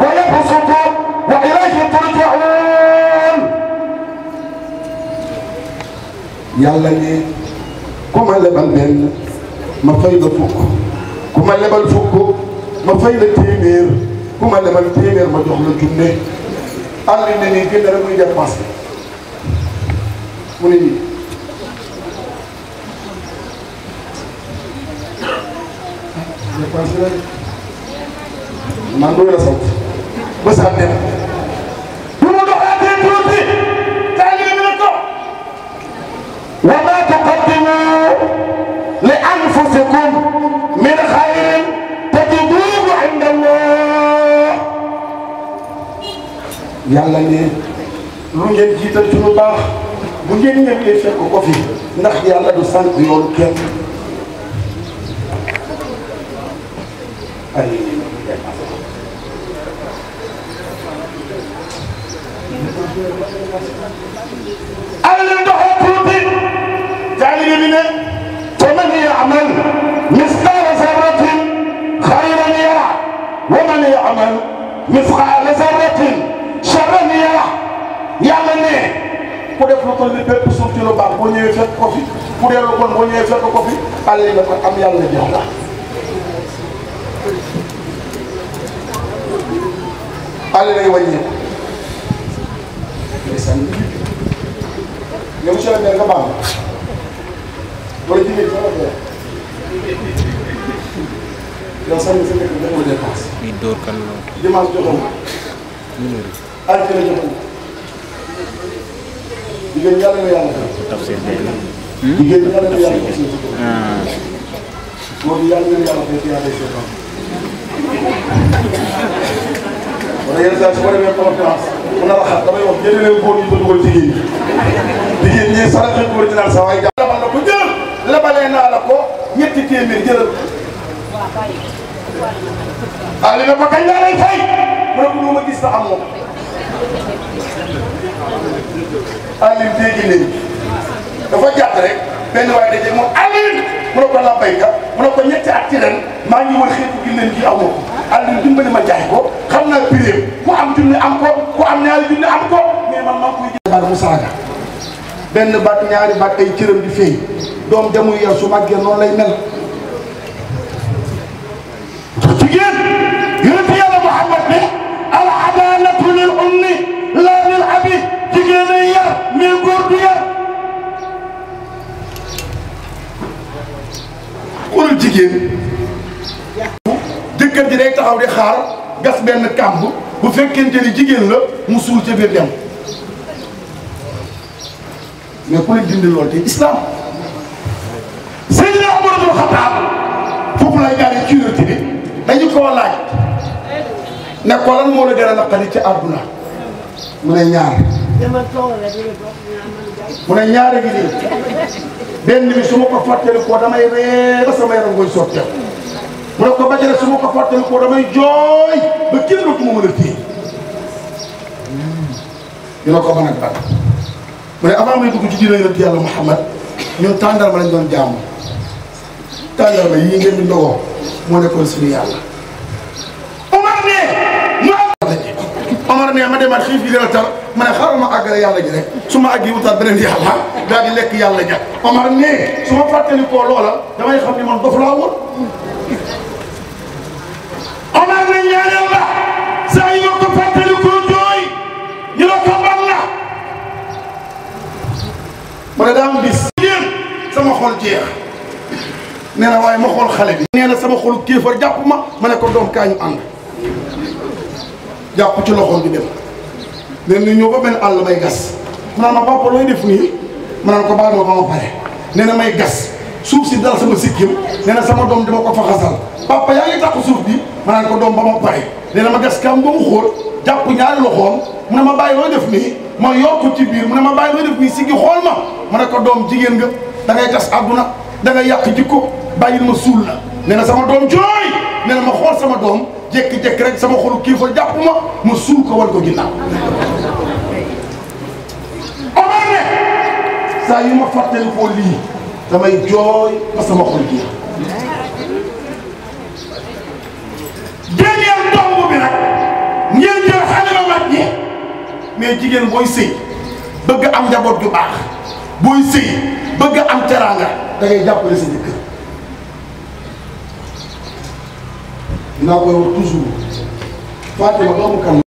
ويبسطون وإليه ترجعون yàlla ne ku ma lebal benn ma fay la fukk ku ma lebal fukk ma fay la téeméer ku ma lebal téeméer ma jox la junne àll ne nii génn rek muy def pass mu ne nii man loolu la sant ba saa dem bu mu doxaatee tuuti saa ngi mën a toog wa ma Allah yàlla ne lu ngeen jiital ci lu baax bu ngeen ñëwee fekk sant yoonu kenn alal doxee tuuti jaalibi bi ne te man yaamal misqaala zarratin xayran yara wa man yaamal misqaala zarratin charran yara yàlla ne ku def lu toll ni bépp suuf ci lu baax boo ñëwee fekk ko fi ku dee lu bon boo ñëwee fekk ko fi àll lay wàññeeku. ndeysaan yow monsieur le maire nga baal wala jigéen ñi nga yow sànni sa dëkk bi dañoo dépense. muy dóor kan la. dimanche jotoon na. àll la jotoon na. jigéen ñi yàlla na yàlla def. taf seen jigéen ñi yàlla na yàlla def seen góor yi yàlla na yàlla def yenn saa su ma demee conférence a xat damay wax jëlee leen góor ñi jigéen ñi jigéen ñi saraxee góor ñi naan sa waay jàpp na ko jël lebalee naa la ko ñetti téeméer jëlal ah li ko kañ rek benn waaye daje moom Alioune mu ne ko la baykat mu ne ko ñetti at ci maa ngi wër xeetu gi leen ji amoo Alioune dimbali ma jaay am ko ku am ñaari junni am ko mais man maa ngi koy. mu saaga benn baat ñaari baat ay cëram di feeñ doom jamuy yar su màggee noonu lay mel. jigéen yonent yàlla Muhammad ne al adaalatu lil ummi laa lil abi jigéen yar mais góor du yar. ku dul jigéen. jëkkër ji day taxaw di xaar. gas benn kàmb bu fekkee ni jigéen la mu suul ca biir dem mais ku ne dindi loolu te islam Seydina Omar ibn Khattab foofu lay jaaree curité dañu koo laaj ne moo la gën a naqari ci àdduna mu ne ñaar mu ne ñaar a nii benn bi su ma ko fàttali damay ree sama yaram koy sotteeku mu ne ko ba ma ko fàttali damay jooy ba kenn dootuma mën a téye hmm. dina ko mën a ban mu ne avant dugg ci diina yonent yàlla Muhammad ñun tàndarma lañ doon jaamu tàndarma yi ngeen di ndogoo moo nekkoon suñu yàlla Omar ne mu am Omar ma demaat xiif yi gën a tar ma ne xaaral ma àggale yàlla ji rek su ma àggi wutaat beneen yàlla daal di lekk yàlla ja Omar ne su ma fàttalikoo loola damay xam ne man dof laa woon am bis. sama xol jeex nee na waaye ma xool xale bi. nee na sama xolu kéefar jàpp ma ma ne ko doom kaa ñu ànd jàpp ci loxoom bi dem. nee na ñëw ba benn àll may gas mu naan ma papa looy def nii ma naan ko baal ma ba ma pare nee na may gas suuf si dal sama sikkim nee na sama doom dama ko fa xasal papa yaa ngi takku suuf bi ma doom ba ma pare nee na ma gas kam ba ma bàyyi looy def nii. ma yokku ci biir mu ne ma bàyyi ma def nii si gi xool ma ma ne ko doom jigéen nga da ngay tas àdduna da yàq jikko bàyyil ma suul la nee na sama doom jooy nee na ma xool sama doom jékki-jékki rek sama xolu kii fa jàpp ma ma suul ko wal ko ginnaaw omar ne saa yu ma fàttali xool yi damay jooy ba sama xol jeex mais jigéen booy sëy bëgg am njaboot ju baax booy sëy bëgg am teraanga da jàppale sa jëkkër dinaa koy wax toujours Fatima doomu